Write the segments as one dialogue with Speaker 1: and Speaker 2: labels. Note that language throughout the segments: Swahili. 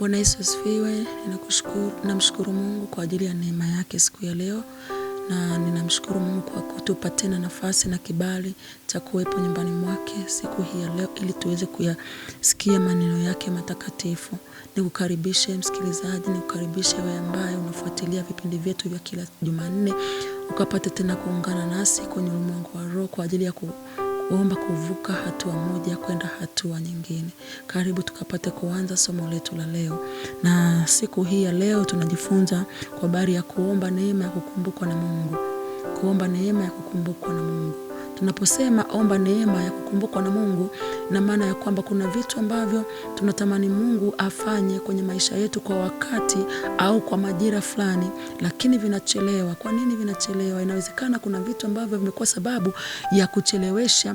Speaker 1: Bwana Yesu asifiwe. Ninakushukuru, namshukuru Mungu kwa ajili ya neema yake siku ya leo, na ninamshukuru Mungu kwa kutupa tena nafasi na kibali cha kuwepo nyumbani mwake siku hii ya leo ili tuweze kuyasikia maneno yake matakatifu. Nikukaribishe msikilizaji, nikukaribishe wewe ambaye unafuatilia vipindi vyetu vya kila Jumanne ukapate tena kuungana nasi kwenye ulimwengu wa Roho kwa ajili ya ku omba kuvuka hatua moja kwenda hatua nyingine. Karibu tukapate kuanza somo letu la leo, na siku hii ya leo tunajifunza kwa habari ya kuomba neema ya kukumbukwa na Mungu, kuomba neema ya kukumbukwa na Mungu. Tunaposema omba neema ya kukumbukwa na Mungu, na maana ya kwamba kuna vitu ambavyo tunatamani Mungu afanye kwenye maisha yetu kwa wakati au kwa majira fulani, lakini vinachelewa. Kwa nini vinachelewa? Inawezekana kuna vitu ambavyo vimekuwa sababu ya kuchelewesha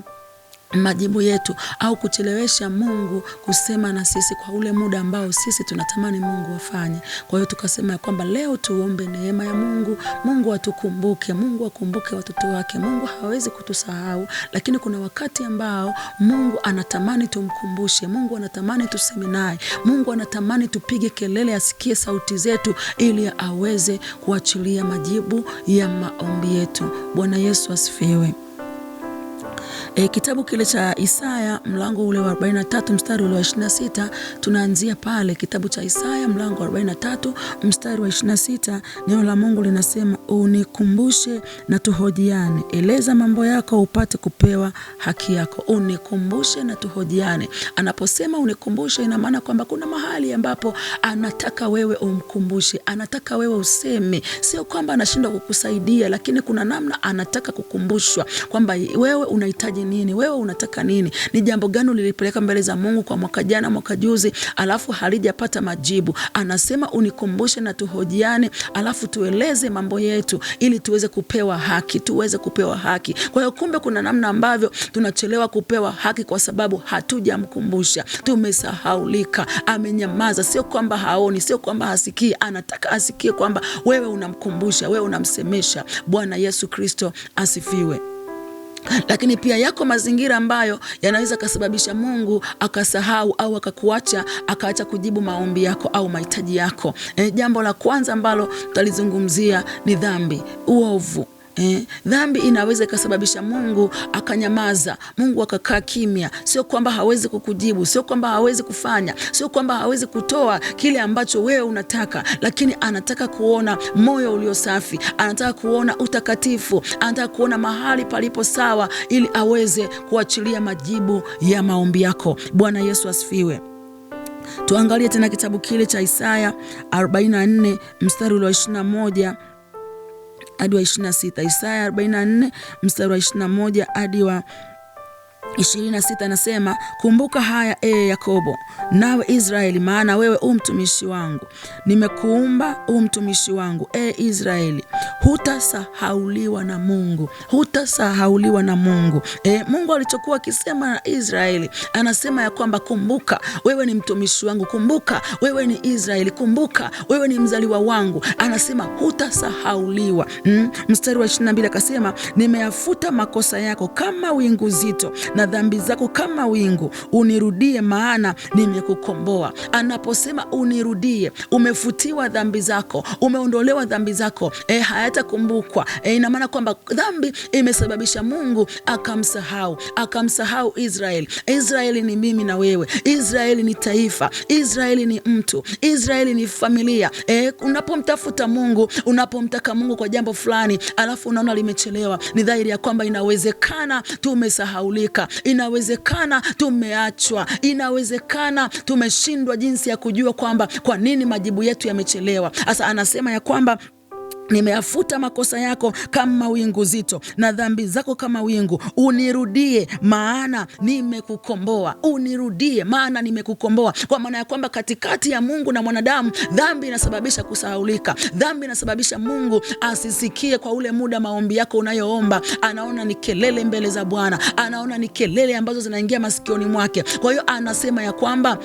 Speaker 1: majibu yetu au kuchelewesha Mungu kusema na sisi kwa ule muda ambao sisi tunatamani Mungu afanye. Kwa hiyo tukasema ya kwamba leo tuombe neema ya Mungu, Mungu atukumbuke, Mungu akumbuke watoto wake. Mungu hawezi kutusahau, lakini kuna wakati ambao Mungu anatamani tumkumbushe, Mungu anatamani tuseme naye, Mungu anatamani tupige kelele, asikie sauti zetu ili aweze kuachilia majibu ya maombi yetu. Bwana Yesu asifiwe. E, kitabu kile cha Isaya mlango ule wa 43 mstari ule wa 26, tunaanzia pale. Kitabu cha Isaya mlango wa 43 mstari wa 26, neno la Mungu linasema unikumbushe na tuhojiane, eleza mambo yako upate kupewa haki yako. Unikumbushe na tuhojiane. Anaposema unikumbushe, ina maana kwamba kuna mahali ambapo anataka wewe umkumbushe, anataka wewe useme, sio kwamba anashindwa kukusaidia, lakini kuna namna anataka kukumbushwa kwamba wewe unahitaji nini, wewe unataka nini, ni jambo gani ulilipeleka mbele za Mungu kwa mwaka jana, mwaka juzi, alafu halijapata majibu. Anasema unikumbushe na tuhojiane, alafu tueleze mambo yetu ili tuweze kupewa haki, tuweze kupewa haki. Kwa hiyo kumbe kuna namna ambavyo tunachelewa kupewa haki kwa sababu hatujamkumbusha, tumesahaulika, amenyamaza. Sio kwamba haoni, sio kwamba hasikii, anataka asikie kwamba wewe unamkumbusha, wewe unamsemesha. Bwana Yesu Kristo asifiwe lakini pia yako mazingira ambayo yanaweza kasababisha Mungu akasahau au akakuacha akaacha kujibu maombi yako au mahitaji yako. E, jambo la kwanza ambalo tutalizungumzia ni dhambi, uovu. Eh, dhambi inaweza ikasababisha Mungu akanyamaza, Mungu akakaa kimya. Sio kwamba hawezi kukujibu, sio kwamba hawezi kufanya, sio kwamba hawezi kutoa kile ambacho wewe unataka, lakini anataka kuona moyo ulio safi, anataka kuona utakatifu, anataka kuona mahali palipo sawa, ili aweze kuachilia majibu ya maombi yako. Bwana Yesu asifiwe. Tuangalie tena kitabu kile cha Isaya 44 mstari wa 21 hadi wa 26, Isaya 44 mstari wa 21 hadi wa 26 anasema kumbuka haya ee Yakobo, nawe Israeli, maana wewe u mtumishi wangu, nimekuumba u mtumishi wangu. Ee Israeli, hutasahauliwa na Mungu, hutasahauliwa na Mungu. E, Mungu alichokuwa akisema na Israeli anasema ya kwamba kumbuka, wewe ni mtumishi wangu, kumbuka wewe ni Israeli, kumbuka wewe ni mzaliwa wangu, anasema hutasahauliwa. Mm, mstari wa 22 akasema nimeyafuta makosa yako kama wingu zito na na dhambi zako kama wingu, unirudie, maana nimekukomboa. Anaposema unirudie, umefutiwa dhambi zako, umeondolewa dhambi zako, e, hayatakumbukwa. E, ina maana kwamba dhambi imesababisha Mungu akamsahau, akamsahau Israeli. Israeli ni mimi na wewe, Israeli ni taifa, Israeli ni mtu, Israeli ni familia. E, unapomtafuta Mungu, unapomtaka Mungu kwa jambo fulani alafu unaona limechelewa, ni dhahiri ya kwamba inawezekana tumesahaulika. Inawezekana tumeachwa, inawezekana tumeshindwa jinsi ya kujua kwamba kwa nini majibu yetu yamechelewa. Sasa anasema ya kwamba nimeafuta makosa yako kama wingu zito na dhambi zako kama wingu. Unirudie maana nimekukomboa, unirudie maana nimekukomboa. Kwa maana ya kwamba katikati ya Mungu na mwanadamu, dhambi inasababisha kusahaulika, dhambi inasababisha Mungu asisikie kwa ule muda maombi yako unayoomba. Anaona ni kelele mbele za Bwana, anaona ni kelele ambazo zinaingia masikioni mwake. Kwa hiyo anasema ya kwamba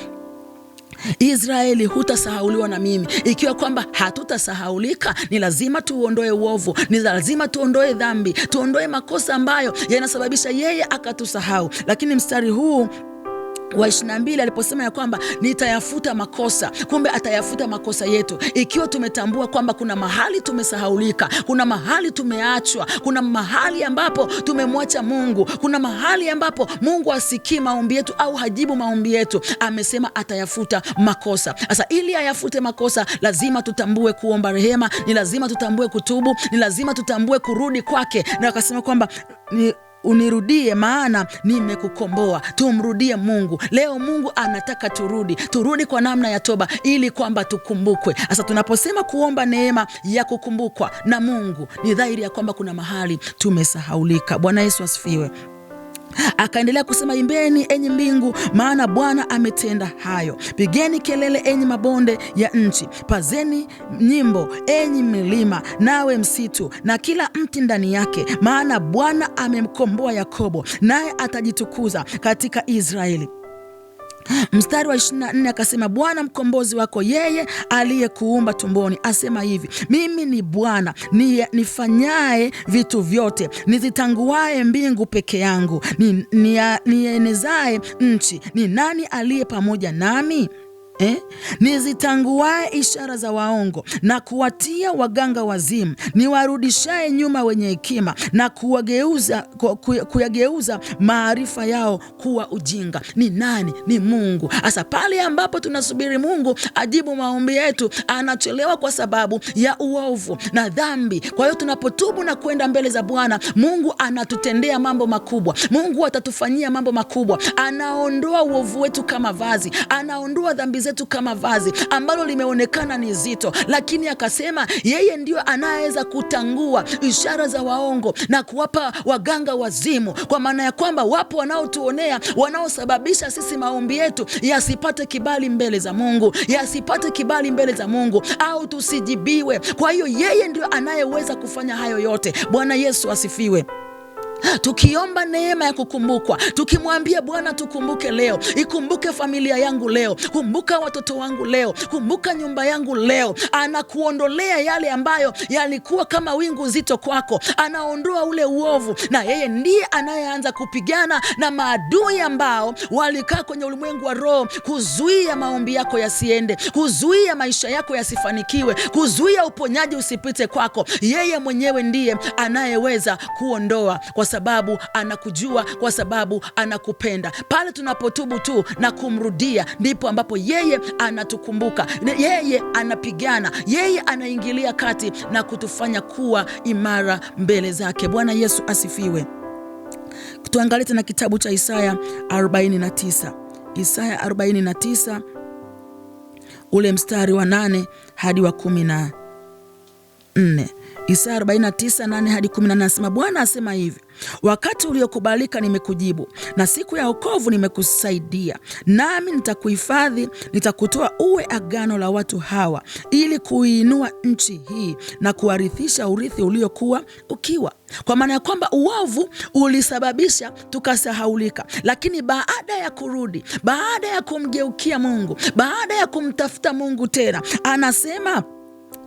Speaker 1: Israeli, hutasahauliwa na mimi. Ikiwa kwamba hatutasahaulika, ni lazima tuondoe uovu, ni lazima tuondoe dhambi, tuondoe makosa ambayo yanasababisha yeye akatusahau. Lakini mstari huu wa ishirini na mbili aliposema ya kwamba nitayafuta makosa, kumbe atayafuta makosa yetu. Ikiwa tumetambua kwamba kuna mahali tumesahaulika, kuna mahali tumeachwa, kuna mahali ambapo tumemwacha Mungu, kuna mahali ambapo Mungu asikii maombi yetu au hajibu maombi yetu, amesema atayafuta makosa. Sasa ili ayafute makosa, lazima tutambue kuomba rehema, ni lazima tutambue kutubu, ni lazima tutambue kurudi kwake, na akasema kwamba ni unirudie, maana nimekukomboa. Tumrudie Mungu leo. Mungu anataka turudi, turudi kwa namna ya toba, ili kwamba tukumbukwe. Sasa tunaposema kuomba neema ya kukumbukwa na Mungu, ni dhahiri ya kwamba kuna mahali tumesahaulika. Bwana Yesu asifiwe. Akaendelea kusema, imbeni enyi mbingu, maana Bwana ametenda hayo. Pigeni kelele enyi mabonde ya nchi, pazeni nyimbo enyi milima, nawe msitu na kila mti ndani yake, maana Bwana amemkomboa Yakobo, naye atajitukuza katika Israeli. Mstari wa 24 akasema, Bwana mkombozi wako yeye aliyekuumba tumboni asema hivi, mimi ni Bwana ni, nifanyaye vitu vyote, nizitanguaye mbingu peke yangu, nienezaye ni, ni, ni nchi. Ni nani aliye pamoja nami? Eh, nizitanguae ishara za waongo na kuwatia waganga wazimu, niwarudishaye nyuma wenye hekima na kuwageuza, kuyageuza maarifa yao kuwa ujinga. Ni nani? Ni Mungu. Hasa pale ambapo tunasubiri Mungu ajibu maombi yetu, anachelewa kwa sababu ya uovu na dhambi. Kwa hiyo tunapotubu na kwenda mbele za Bwana, Mungu anatutendea mambo makubwa. Mungu atatufanyia mambo makubwa, anaondoa uovu wetu kama vazi, anaondoa dhambi zetu zetu kama vazi ambalo limeonekana ni zito, lakini akasema yeye ndio anayeweza kutangua ishara za waongo na kuwapa waganga wazimu, kwa maana ya kwamba wapo wanaotuonea, wanaosababisha sisi maombi yetu yasipate kibali mbele za Mungu, yasipate kibali mbele za Mungu au tusijibiwe. Kwa hiyo yeye ndio anayeweza kufanya hayo yote. Bwana Yesu asifiwe tukiomba neema ya kukumbukwa, tukimwambia Bwana, tukumbuke leo, ikumbuke familia yangu leo, kumbuka watoto wangu leo, kumbuka nyumba yangu leo. Anakuondolea yale ambayo yalikuwa kama wingu zito kwako, anaondoa ule uovu, na yeye ndiye anayeanza kupigana na maadui ambao walikaa kwenye ulimwengu wa roho, kuzuia maombi yako yasiende, kuzuia maisha yako yasifanikiwe, kuzuia uponyaji usipite kwako. Yeye mwenyewe ndiye anayeweza kuondoa kwa sababu anakujua, kwa sababu anakupenda. Pale tunapotubu tu na kumrudia, ndipo ambapo yeye anatukumbuka, yeye anapigana, yeye anaingilia kati na kutufanya kuwa imara mbele zake. Bwana Yesu asifiwe. Tuangalie tena kitabu cha Isaya 49, Isaya 49 ule mstari wa nane hadi wa kumi na nne. Isaya 49:8 hadi 18 anasema, Bwana asema hivi, wakati uliokubalika nimekujibu, na siku ya wokovu nimekusaidia, nami nitakuhifadhi, nitakutoa uwe agano la watu hawa, ili kuiinua nchi hii na kuwarithisha urithi uliokuwa ukiwa. Kwa maana ya kwamba uovu ulisababisha tukasahaulika, lakini baada ya kurudi, baada ya kumgeukia Mungu, baada ya kumtafuta Mungu tena, anasema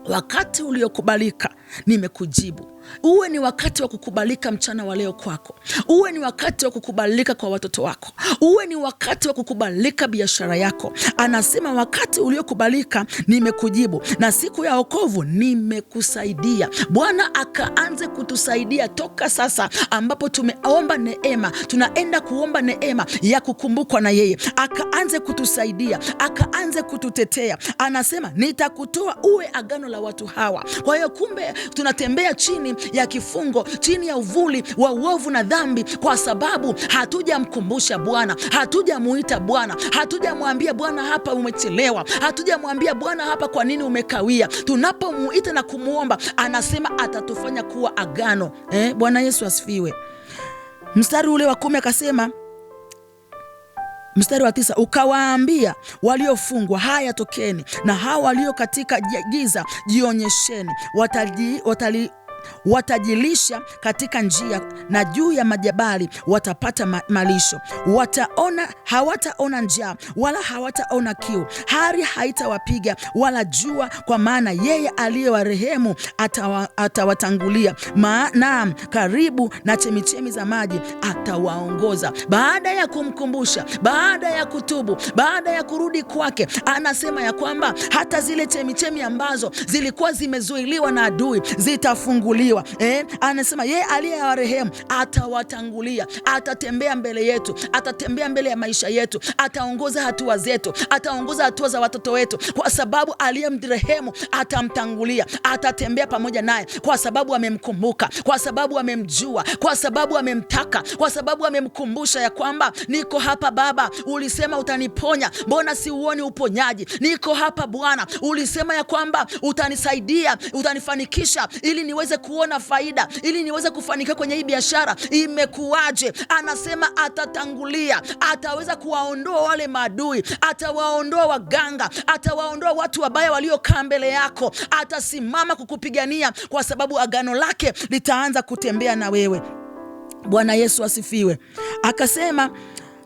Speaker 1: wakati uliokubalika nimekujibu. Uwe ni wakati wa kukubalika mchana wa leo kwako, uwe ni wakati wa kukubalika kwa watoto wako, uwe ni wakati wa kukubalika biashara yako. Anasema wakati uliokubalika nimekujibu, na siku ya wokovu nimekusaidia. Bwana akaanze kutusaidia toka sasa ambapo tumeomba neema, tunaenda kuomba neema ya kukumbukwa na yeye, akaanze kutusaidia, akaanze kututetea. Anasema nitakutoa uwe agano la watu hawa. Kwa hiyo kumbe tunatembea chini ya kifungo, chini ya uvuli wa uovu na dhambi, kwa sababu hatujamkumbusha Bwana, hatujamuita Bwana, hatujamwambia Bwana hapa umechelewa, hatujamwambia Bwana hapa kwa nini umekawia. Tunapomuita na kumwomba, anasema atatufanya kuwa agano. Eh, Bwana Yesu asifiwe. Mstari ule wa kumi akasema mstari wa tisa, ukawaambia waliofungwa, haya tokeni, na hawa walio katika giza jionyesheni watali, watali watajilisha katika njia na juu ya majabali watapata malisho. Wataona, hawataona njaa wala hawataona kiu, hari haitawapiga wala jua, kwa maana yeye aliye aliyewarehemu atawatangulia. Naam, karibu na chemichemi za maji atawaongoza. Baada ya kumkumbusha, baada ya kutubu, baada ya kurudi kwake, anasema ya kwamba hata zile chemichemi ambazo zilikuwa zimezuiliwa na adui zitafunguliwa kutanguliwa eh? Anasema yeye aliyewarehemu atawatangulia, atatembea mbele yetu, atatembea mbele ya maisha yetu, ataongoza hatua zetu, ataongoza hatua za watoto wetu, kwa sababu aliyemrehemu atamtangulia, atatembea pamoja naye, kwa sababu amemkumbuka, kwa sababu amemjua, kwa sababu amemtaka, kwa sababu amemkumbusha ya kwamba niko hapa Baba, ulisema utaniponya, mbona siuoni uponyaji? Niko hapa Bwana, ulisema ya kwamba utanisaidia, utanifanikisha ili niweze kuona faida, ili niweze kufanikiwa kwenye hii biashara, imekuwaje? Anasema atatangulia, ataweza kuwaondoa wale maadui, atawaondoa waganga, atawaondoa watu wabaya waliokaa mbele yako, atasimama kukupigania kwa sababu agano lake litaanza kutembea na wewe. Bwana Yesu asifiwe. Akasema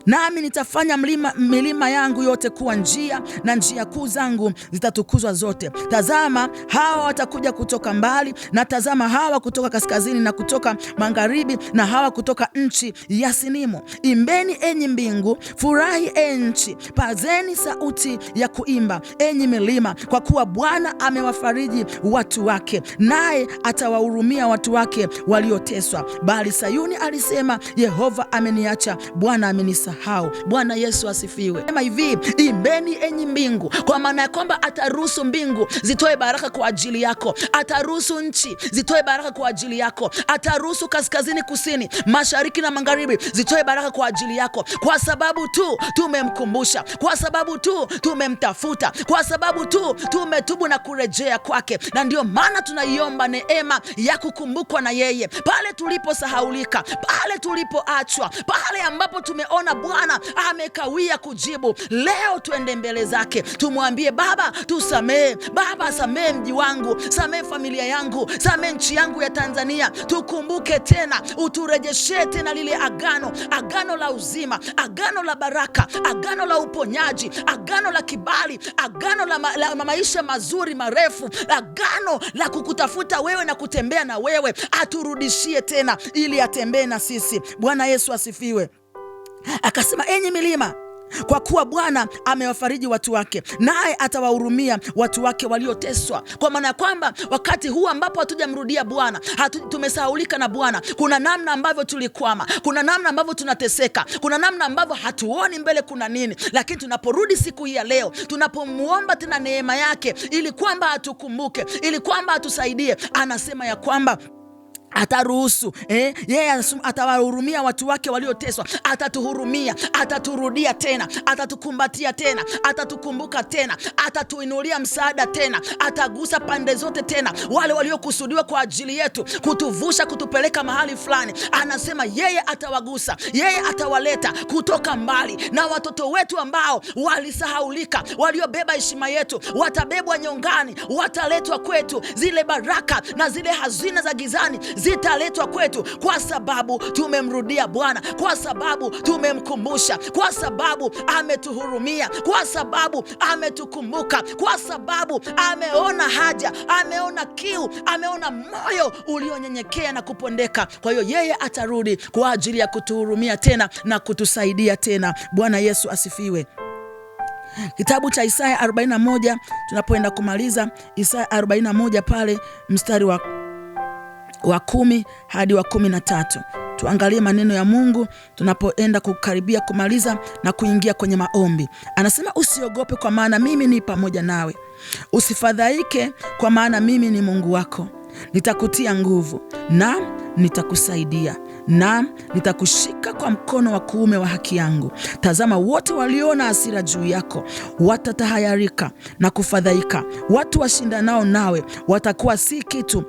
Speaker 1: nami nitafanya mlima, milima yangu yote kuwa njia na njia kuu zangu zitatukuzwa zote. Tazama, hawa watakuja kutoka mbali, na tazama hawa kutoka kaskazini na kutoka magharibi, na hawa kutoka nchi ya Sinimu. Imbeni enyi mbingu, furahi e nchi, pazeni sauti ya kuimba enyi milima, kwa kuwa Bwana amewafariji watu wake, naye atawahurumia watu wake walioteswa. Bali Sayuni alisema, Yehova ameniacha, Bwana amenisahau kusahau. Bwana Yesu asifiwe. Sema hivi, imbeni enyi mbingu, kwa maana ya kwamba ataruhusu mbingu zitoe baraka kwa ajili yako, ataruhusu nchi zitoe baraka kwa ajili yako, ataruhusu kaskazini, kusini, mashariki na magharibi zitoe baraka kwa ajili yako, kwa sababu tu tumemkumbusha, kwa sababu tu tumemtafuta, kwa sababu tu tumetubu na kurejea kwake. Na ndio maana tunaiomba neema ya kukumbukwa na yeye pale tuliposahaulika, pale tulipoachwa, pale ambapo tumeona Bwana amekawia kujibu. Leo tuende mbele zake, tumwambie Baba tusamehe, Baba samehe mji wangu, samehe familia yangu, samehe nchi yangu ya Tanzania. Tukumbuke tena, uturejeshee tena lile agano, agano la uzima, agano la baraka, agano la uponyaji, agano la kibali, agano la, ma la maisha mazuri marefu, agano la kukutafuta wewe na kutembea na wewe. Aturudishie tena ili atembee na sisi. Bwana Yesu asifiwe. Akasema, enyi milima, kwa kuwa Bwana amewafariji watu wake, naye atawahurumia watu wake walioteswa. Kwa maana ya kwamba wakati huu ambapo hatujamrudia Bwana, tumesahaulika na Bwana, kuna namna ambavyo tulikwama, kuna namna ambavyo tunateseka, kuna namna ambavyo hatuoni mbele kuna nini, lakini tunaporudi siku hii ya leo, tunapomwomba tena neema yake ili kwamba atukumbuke, ili kwamba atusaidie, anasema ya kwamba ataruhusu eh? Yeye yeah, atawahurumia watu wake walioteswa, atatuhurumia, ataturudia tena, atatukumbatia tena, atatukumbuka tena, atatuinulia msaada tena, atagusa pande zote tena, wale waliokusudiwa kwa ajili yetu kutuvusha, kutupeleka mahali fulani. Anasema yeye atawagusa, yeye atawaleta kutoka mbali, na watoto wetu ambao walisahaulika, waliobeba heshima yetu watabebwa nyongani, wataletwa kwetu. Zile baraka na zile hazina za gizani zitaletwa kwetu, kwa sababu tumemrudia Bwana, kwa sababu tumemkumbusha, kwa sababu ametuhurumia, kwa sababu ametukumbuka, kwa sababu ameona haja, ameona kiu, ameona moyo ulionyenyekea na kupondeka. Kwa hiyo yeye atarudi kwa ajili ya kutuhurumia tena na kutusaidia tena. Bwana Yesu asifiwe. Kitabu cha Isaya 41 tunapoenda kumaliza, Isaya 41 pale mstari wa wa kumi hadi wa kumi na tatu. Tuangalie maneno ya Mungu tunapoenda kukaribia kumaliza na kuingia kwenye maombi. Anasema usiogope, kwa maana mimi ni pamoja nawe. Usifadhaike, kwa maana mimi ni Mungu wako. Nitakutia nguvu, na nitakusaidia, na nitakushika kwa mkono wa kuume wa haki yangu. Tazama, wote waliona hasira juu yako watatahayarika na kufadhaika, watu washindanao nawe watakuwa si kitu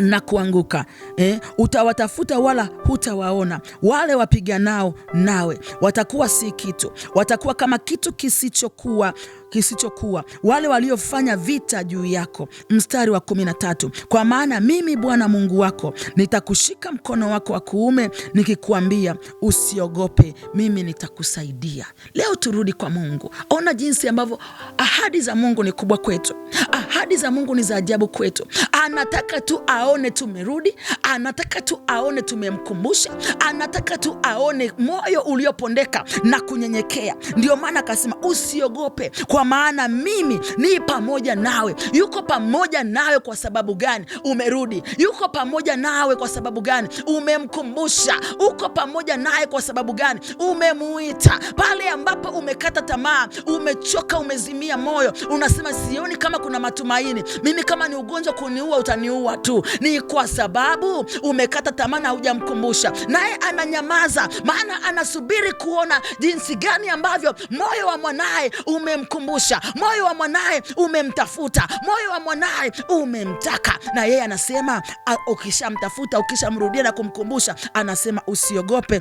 Speaker 1: na kuanguka eh? Utawatafuta wala hutawaona, wale wapiganao nawe watakuwa si kitu, watakuwa kama kitu kisichokuwa kisichokuwa wale waliofanya vita juu yako. Mstari wa kumi na tatu, kwa maana mimi Bwana Mungu wako nitakushika mkono wako wa kuume nikikuambia, usiogope, mimi nitakusaidia. Leo turudi kwa Mungu. Ona jinsi ambavyo ahadi za Mungu ni kubwa kwetu, ahadi za Mungu ni za ajabu kwetu anataka tu aone tumerudi, anataka tu aone tumemkumbusha, anataka tu aone moyo uliopondeka na kunyenyekea. Ndio maana akasema usiogope, kwa maana mimi ni pamoja nawe. Yuko pamoja nawe kwa sababu gani? Umerudi. Yuko pamoja nawe kwa sababu gani? Umemkumbusha. Uko pamoja naye kwa sababu gani? Umemuita pale ambapo umekata tamaa, umechoka, umezimia moyo, unasema sioni kama kuna matumaini, mimi kama ni ugonjwa kuniua utaniua tu. Ni kwa sababu umekata tamaa na hujamkumbusha, naye ananyamaza, maana anasubiri kuona jinsi gani ambavyo moyo wa mwanaye umemkumbusha, moyo wa mwanaye umemtafuta, moyo wa mwanaye umemtaka. Na yeye anasema ukishamtafuta, ukishamrudia na kumkumbusha, anasema usiogope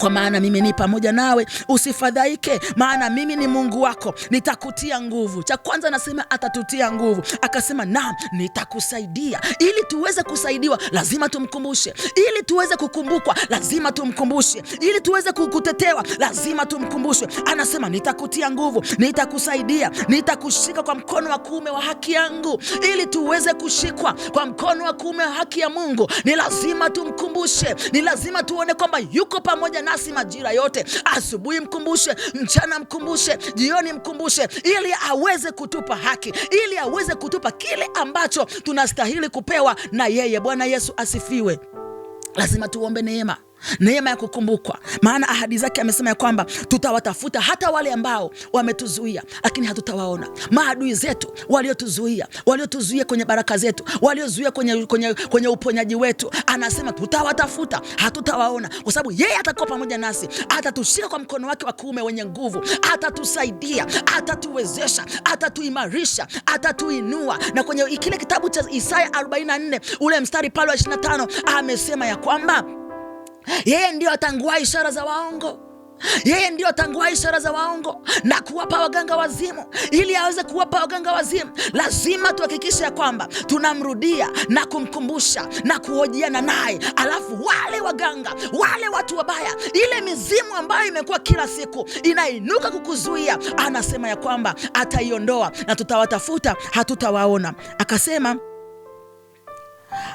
Speaker 1: kwa maana mimi ni pamoja nawe, usifadhaike, maana mimi ni Mungu wako, nitakutia nguvu. Cha kwanza anasema atatutia nguvu, akasema naam, nitakusaidia. Ili tuweze kusaidiwa, lazima tumkumbushe. Ili tuweze kukumbukwa, lazima tumkumbushe. Ili tuweze kutetewa, lazima tumkumbushe. Anasema nitakutia nguvu, nitakusaidia, nitakushika kwa mkono wa kuume wa haki yangu. Ili tuweze kushikwa kwa mkono wa kuume wa haki ya Mungu, ni lazima tumkumbushe, ni lazima tuone kwamba yuko pamoja nasi majira yote. Asubuhi mkumbushe, mchana mkumbushe, jioni mkumbushe, ili aweze kutupa haki, ili aweze kutupa kile ambacho tunastahili kupewa na yeye. Bwana Yesu asifiwe. Lazima tuombe neema neema ya kukumbukwa, maana ahadi zake amesema ya kwamba tutawatafuta hata wale ambao wametuzuia, lakini hatutawaona. Maadui zetu waliotuzuia, waliotuzuia kwenye baraka zetu, waliozuia kwenye, kwenye, kwenye uponyaji wetu, anasema tutawatafuta, hatutawaona, kwa sababu yeye atakuwa pamoja nasi, atatushika kwa mkono wake wa kuume wenye nguvu, atatusaidia, atatuwezesha, atatuimarisha, atatuinua. Na kwenye kile kitabu cha Isaya 44 ule mstari pale wa 25 amesema ya kwamba yeye ndio atangua ishara za waongo yeye ndio atangua ishara za waongo na kuwapa waganga wazimu. Ili aweze kuwapa waganga wazimu, lazima tuhakikishe ya kwamba tunamrudia na kumkumbusha na kuhojiana naye, alafu wale waganga wale watu wabaya, ile mizimu ambayo imekuwa kila siku inainuka kukuzuia, anasema ya kwamba ataiondoa na tutawatafuta, hatutawaona. Akasema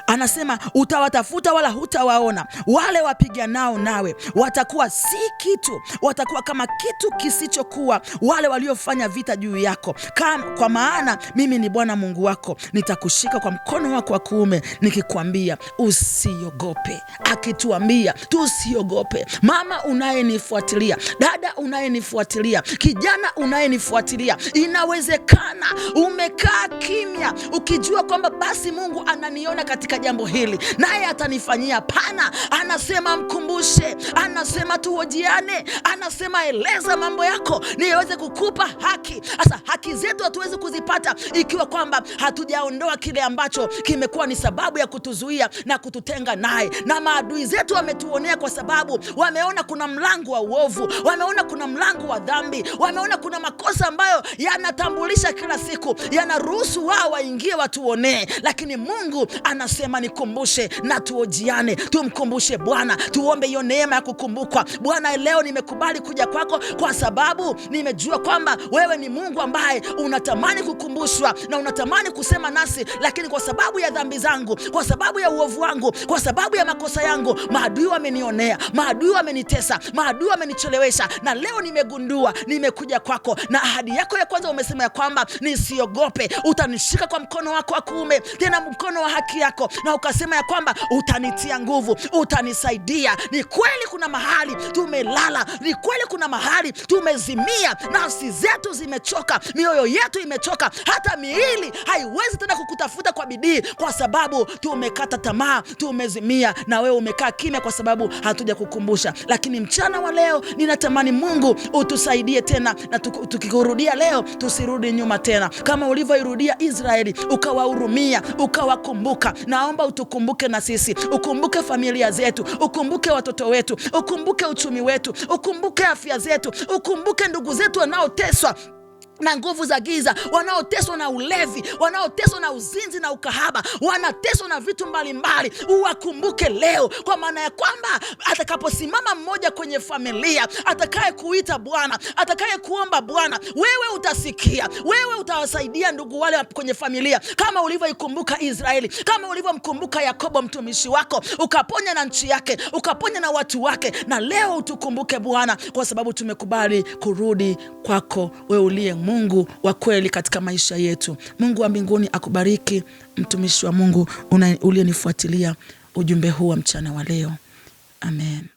Speaker 1: anasema utawatafuta wala hutawaona, wale wapiganao nawe watakuwa si kitu, watakuwa kama kitu kisichokuwa, wale waliofanya vita juu yako kama, kwa maana mimi ni Bwana Mungu wako, nitakushika kwa mkono wako wa kuume, nikikwambia usiogope, akituambia tusiogope. Mama unayenifuatilia, dada unayenifuatilia, kijana unayenifuatilia, inawezekana umekaa kimya ukijua kwamba basi Mungu ananiona katika jambo hili, naye atanifanyia pana. Anasema mkumbushe, anasema tuhojiane, anasema eleza mambo yako niweze kukupa haki. Sasa haki zetu hatuwezi kuzipata ikiwa kwamba hatujaondoa kile ambacho kimekuwa ni sababu ya kutuzuia na kututenga naye, na maadui zetu wametuonea kwa sababu wameona kuna mlango wa uovu, wameona kuna mlango wa dhambi, wameona kuna makosa ambayo yanatambulisha kila siku, yanaruhusu wao waingie watuonee, lakini Mungu ana anasema nikumbushe na tuojiane, tumkumbushe Bwana, tuombe hiyo neema ya kukumbukwa. Bwana, leo nimekubali kuja kwako kwa sababu nimejua kwamba wewe ni Mungu ambaye unatamani kukumbushwa na unatamani kusema nasi, lakini kwa sababu ya dhambi zangu, kwa sababu ya uovu wangu, kwa sababu ya makosa yangu, maadui wamenionea, maadui wamenitesa, maadui wamenichelewesha, na leo nimegundua nimekuja kwako, na ahadi yako ya kwanza umesema ya kwamba nisiogope, utanishika kwa mkono wako wa kuume, tena mkono wa haki yako na ukasema ya kwamba utanitia nguvu, utanisaidia. Ni kweli kuna mahali tumelala, ni kweli kuna mahali tumezimia, nafsi zetu zimechoka, mioyo yetu imechoka, hata miili haiwezi tena kukutafuta kwa bidii, kwa sababu tumekata tamaa, tumezimia, na wewe umekaa kimya kwa sababu hatuja kukumbusha. Lakini mchana wa leo ninatamani Mungu utusaidie tena, na tukikurudia leo tusirudi nyuma tena, kama ulivyoirudia Israeli ukawahurumia, ukawakumbuka naomba utukumbuke na sisi, ukumbuke familia zetu, ukumbuke watoto wetu, ukumbuke uchumi wetu, ukumbuke afya zetu, ukumbuke ndugu zetu wanaoteswa na nguvu za giza, wanaoteswa na ulevi, wanaoteswa na uzinzi na ukahaba, wanateswa na vitu mbalimbali, uwakumbuke leo, kwa maana ya kwamba atakaposimama mmoja kwenye familia atakaye kuita Bwana, atakaye kuomba Bwana, wewe utasikia, wewe utawasaidia ndugu wale kwenye familia, kama ulivyoikumbuka Israeli, kama ulivyomkumbuka Yakobo mtumishi wako, ukaponya na nchi yake, ukaponya na watu wake. Na leo utukumbuke Bwana, kwa sababu tumekubali kurudi kwako, wewe uliye Mungu wa kweli katika maisha yetu. Mungu wa mbinguni akubariki mtumishi wa Mungu uliyenifuatilia ujumbe huu wa mchana wa leo. Amen.